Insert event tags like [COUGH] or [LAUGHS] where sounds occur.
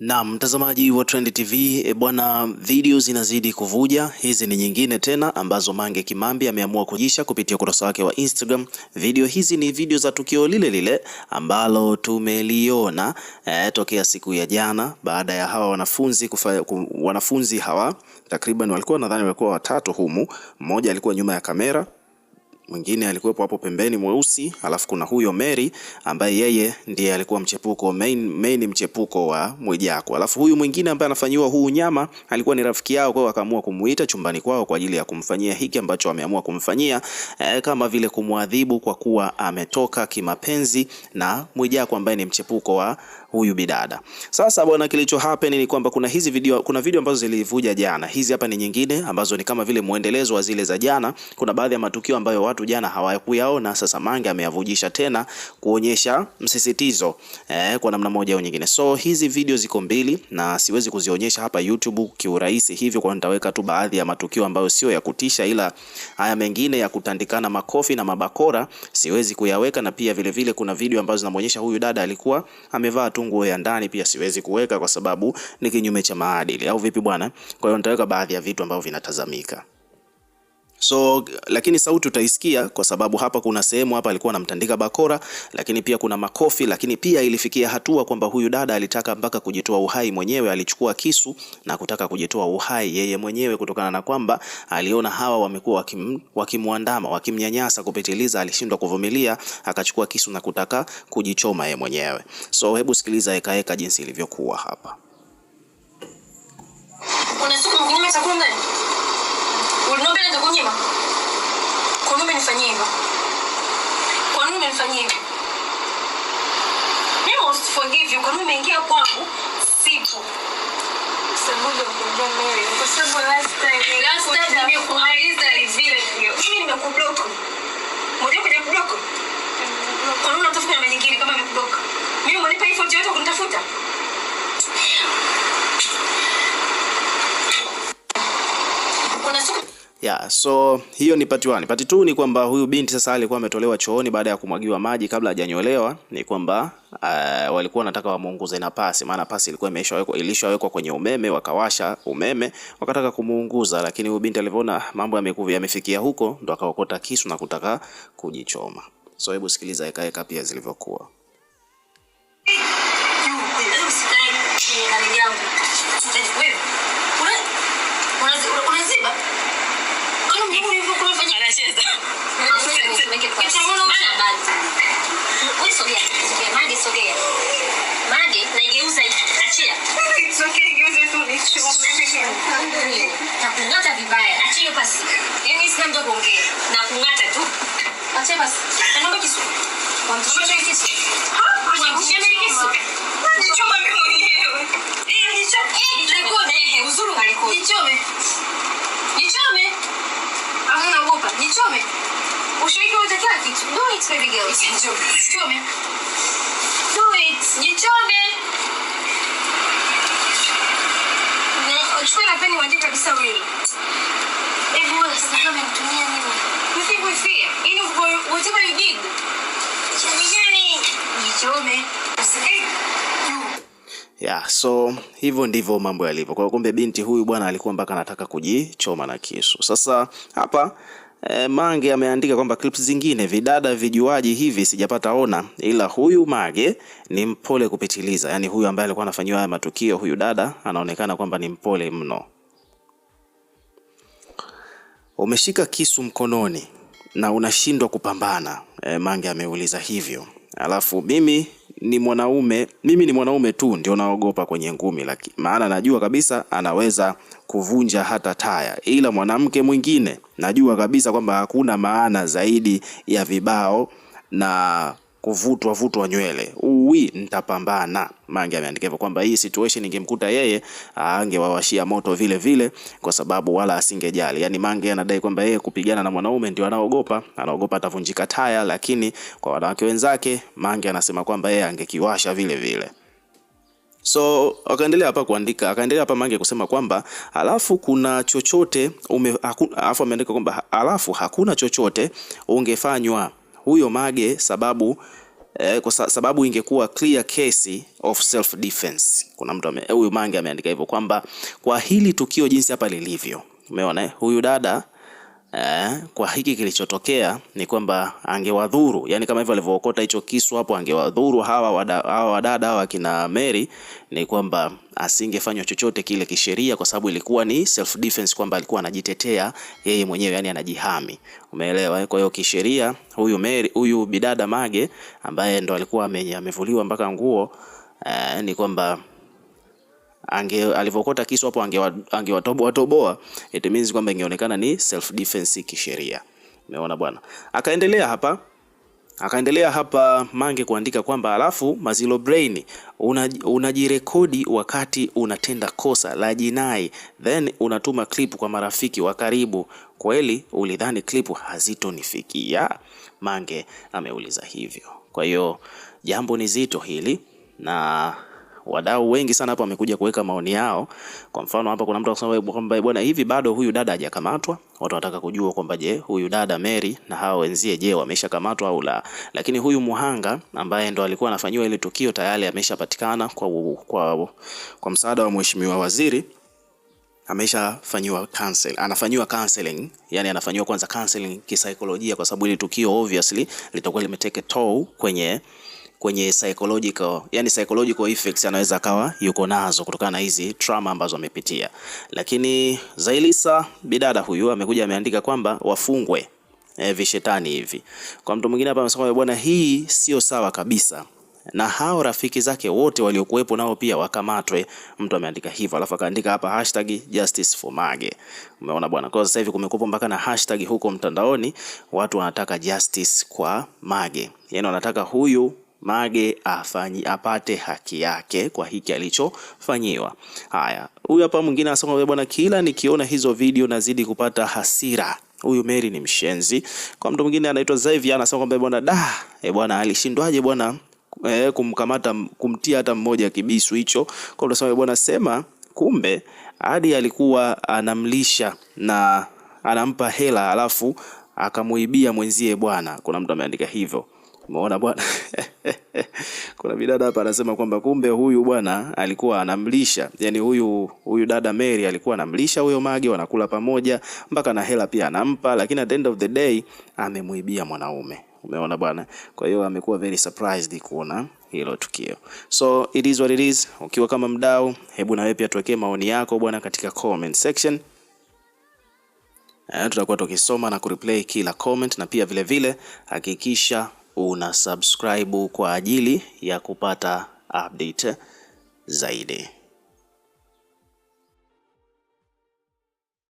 Na mtazamaji wa Trend TV e, eh, bwana, video zinazidi kuvuja. Hizi ni nyingine tena ambazo Mange Kimambi ameamua kujisha kupitia ukurasa wake wa Instagram. Video hizi ni video za tukio lile lile ambalo tumeliona e, tokea siku ya jana baada ya hawa wanafunzi ku, wanafunzi hawa takriban walikuwa nadhani walikuwa watatu humu, mmoja alikuwa nyuma ya kamera mwingine alikuwepo hapo pembeni mweusi, alafu kuna huyo Mary ambaye yeye ndiye alikuwa mchepuko main, main mchepuko wa Mwijaku, alafu huyu mwingine ambaye anafanyiwa huu nyama alikuwa ni rafiki yao, kwa wakaamua akaamua kumuita chumbani kwao kwa ajili ya kumfanyia hiki ambacho ameamua kumfanyia eh, kama vile kumwadhibu kwa kuwa ametoka kimapenzi na Mwijaku ambaye ni mchepuko wa huyu bidada. Sasa bwana, kilicho happen ni kwamba kuna hizi video, kuna video ambazo zilivuja jana. Hizi hapa ni nyingine ambazo ni kama vile muendelezo wa zile za jana. Kuna baadhi ya matukio ambayo watu jana hawakuyaona, sasa Mange ameyavujisha tena kuonyesha msisitizo eh, kwa namna moja au nyingine. So hizi video ziko mbili na siwezi kuzionyesha hapa YouTube kiurahisi hivyo, kwa nitaweka tu baadhi ya matukio ambayo sio ya kutisha, ila haya mengine ya kutandikana makofi na mabakora siwezi kuyaweka, na pia vile vile kuna video ambazo zinamuonyesha huyu dada alikuwa amevaa tu nguo ya ndani pia siwezi kuweka kwa sababu ni kinyume cha maadili, au vipi bwana? Kwa hiyo nitaweka baadhi ya vitu ambavyo vinatazamika. So lakini sauti utaisikia kwa sababu hapa kuna sehemu hapa alikuwa anamtandika bakora, lakini pia kuna makofi, lakini pia ilifikia hatua kwamba huyu dada alitaka mpaka kujitoa uhai mwenyewe. Alichukua kisu na kutaka kujitoa uhai yeye mwenyewe kutokana na kwamba aliona hawa wamekuwa wakim, wakimwandama wakimnyanyasa kupitiliza. Alishindwa kuvumilia, akachukua kisu na kutaka kujichoma yeye mwenyewe. So hebu sikiliza eka jinsi ilivyokuwa hapa. Kuna siku Uliniambia nenda kunyima. Kwa nini umenifanyia hivyo? Kwa nini umenifanyia hivyo? Mimi must forgive you. Kwa nini umeingia kwangu? Sipo. mimi. unatafuta namba nyingine kama nimekublock? Mimi umenipa hiyo yote kunitafuta? Yeah, so hiyo ni part 1. Part 2 ni kwamba huyu binti sasa alikuwa ametolewa chooni baada ya kumwagiwa maji kabla hajanyolewa, ni kwamba uh, walikuwa wanataka wamuunguze na pasi, maana pasi ilikuwa imeshawekwa ilishawekwa kwenye umeme, wakawasha umeme, wakataka kumuunguza, lakini huyu binti alivyoona mambo yamekuwa yamefikia huko, ndo akaokota kisu na kutaka kujichoma. So hebu sikiliza ekaeka pia zilivyokuwa. Nakung'ata vibaya, achia hiyo pasi. Yaani sina mtu kuongea, nakung'ata tu. Achia pasi. Naomba kisu. Wamtushie kisu. Wamtushie kisu. Nichoma mimi mwenyewe. Eh, nichoma. Давайте переделать. Идем. В чем я? Давайте. Идем. Chukua na peni mwandike kabisa wili. Hivi wewe sasa kama Yeah, so hivyo ndivyo mambo yalivyo. Kwa hiyo kumbe binti huyu bwana alikuwa mpaka anataka kujichoma na kisu. Sasa hapa E, Mange ameandika kwamba clips zingine vidada vijuaji hivi sijapata ona, ila huyu Mange ni mpole kupitiliza. Yaani huyu ambaye alikuwa anafanyiwa haya matukio, huyu dada anaonekana kwamba ni mpole mno. Umeshika kisu mkononi na unashindwa kupambana e, Mange ameuliza hivyo. Alafu mimi ni mwanaume, mimi ni mwanaume tu ndio naogopa kwenye ngumi, lakini maana najua kabisa anaweza kuvunja hata taya, ila mwanamke mwingine najua kabisa kwamba hakuna maana zaidi ya vibao na kuvutwa vutwa nywele. Uwi nitapambana. Mange ameandika hivyo kwamba hii situation ingemkuta yeye angewawashia moto vile vile, kwa sababu wala asingejali. Yani Mange anadai kwamba yeye kupigana na mwanaume ndio anaogopa, anaogopa atavunjika taya, lakini kwa wanawake wenzake Mange anasema kwamba yeye angekiwasha vile vile. So akaendelea hapa kuandika, akaendelea hapa Mange kusema kwamba alafu kuna chochote ume, alafu ameandika kwamba alafu hakuna chochote ungefanywa huyo Mage sababu eh, kwa sababu ingekuwa clear case of self defense. Kuna mtu huyu Mange ameandika hivyo kwamba kwa hili tukio jinsi hapa lilivyo, umeona eh? huyu dada eh, kwa hiki kilichotokea ni kwamba angewadhuru, yani kama hivyo alivyookota hicho kisu hapo, angewadhuru hawa wada, hawa wadada hawa kina Mary, ni kwamba asingefanywa chochote kile kisheria, kwa sababu ilikuwa ni self defense, kwamba alikuwa anajitetea yeye mwenyewe, yani anajihami, umeelewa? Kwa hiyo kisheria, huyu Mary, huyu bidada Mage ambaye ndo alikuwa amevuliwa mpaka nguo eh, ni kwamba ange alivyokota kisu hapo angewatoboa toboa, it means kwamba ingeonekana ni self defense kisheria. Umeona bwana, akaendelea hapa akaendelea hapa Mange kuandika kwamba alafu Mazilo Brain unajirekodi una wakati unatenda kosa la jinai then unatuma clip kwa marafiki wa karibu. Kweli ulidhani clip hazitonifikia? Mange ameuliza hivyo. Kwa hiyo jambo ni zito hili na wadau wengi sana hapa wamekuja kuweka maoni yao. Kwa mfano hapa kuna mtu anasema kwamba bwana, hivi bado huyu dada hajakamatwa. Watu wanataka kujua kwamba je, huyu dada Mary na hao wenzie je, wameshakamatwa au la? Lakini huyu muhanga ambaye ndo alikuwa anafanyiwa ile tukio tayari ameshapatikana kwa, kwa, kwa msaada wa mheshimiwa waziri ameshafanyiwa cancel, anafanyiwa counseling, yani anafanyiwa kwanza counseling kisaikolojia, kwa sababu ile tukio obviously litakuwa limeteke toll kwenye kwenye psychological, yani psychological effects anaweza akawa yuko nazo kutokana na hizi trauma ambazo amepitia. Lakini Zailisa bidada huyu amekuja ameandika kwamba wafungwe eh, vishetani hivi. Kwa mtu mwingine hapa amesema bwana, hii sio sawa kabisa na hao rafiki zake wote waliokuwepo nao pia wakamatwe. Mtu ameandika hivyo, alafu akaandika hapa hashtag justice for Mage. Umeona bwana, kwa sasa hivi kumekupo mpaka na hashtag huko mtandaoni, watu wanataka justice kwa Mage, yani wanataka huyu Mage afanyi, apate haki yake kwa hiki alichofanyiwa. Haya, huyu hapa mwingine anasema bwana, kila nikiona hizo video nazidi kupata hasira. Huyu Mary ni mshenzi. Kwa mtu mwingine anaitwa Zaivia anasema kwamba eh bwana, da e bwana, alishindwaje bwana e, kumkamata kumtia hata mmoja kibisu hicho. Kwa mtu anasema bwana, sema kumbe hadi alikuwa anamlisha na anampa hela alafu akamuibia mwenzie bwana. Kuna mtu ameandika hivyo. Umeona bwana [LAUGHS] kuna bidada hapa anasema kwamba kumbe huyu bwana alikuwa anamlisha, yani huyu huyu dada Mary alikuwa anamlisha huyo mage, wanakula pamoja mpaka na hela pia anampa, lakini at the end of the day amemuibia mwanaume. Umeona bwana, kwa hiyo amekuwa very surprised kuona hilo tukio. So it is what it is. Ukiwa kama mdau, hebu na wewe pia tuwekee maoni yako bwana katika comment section. Eh, tutakuwa tukisoma na kureplay kila comment, na pia vile vile hakikisha una subscribe kwa ajili ya kupata update zaidi.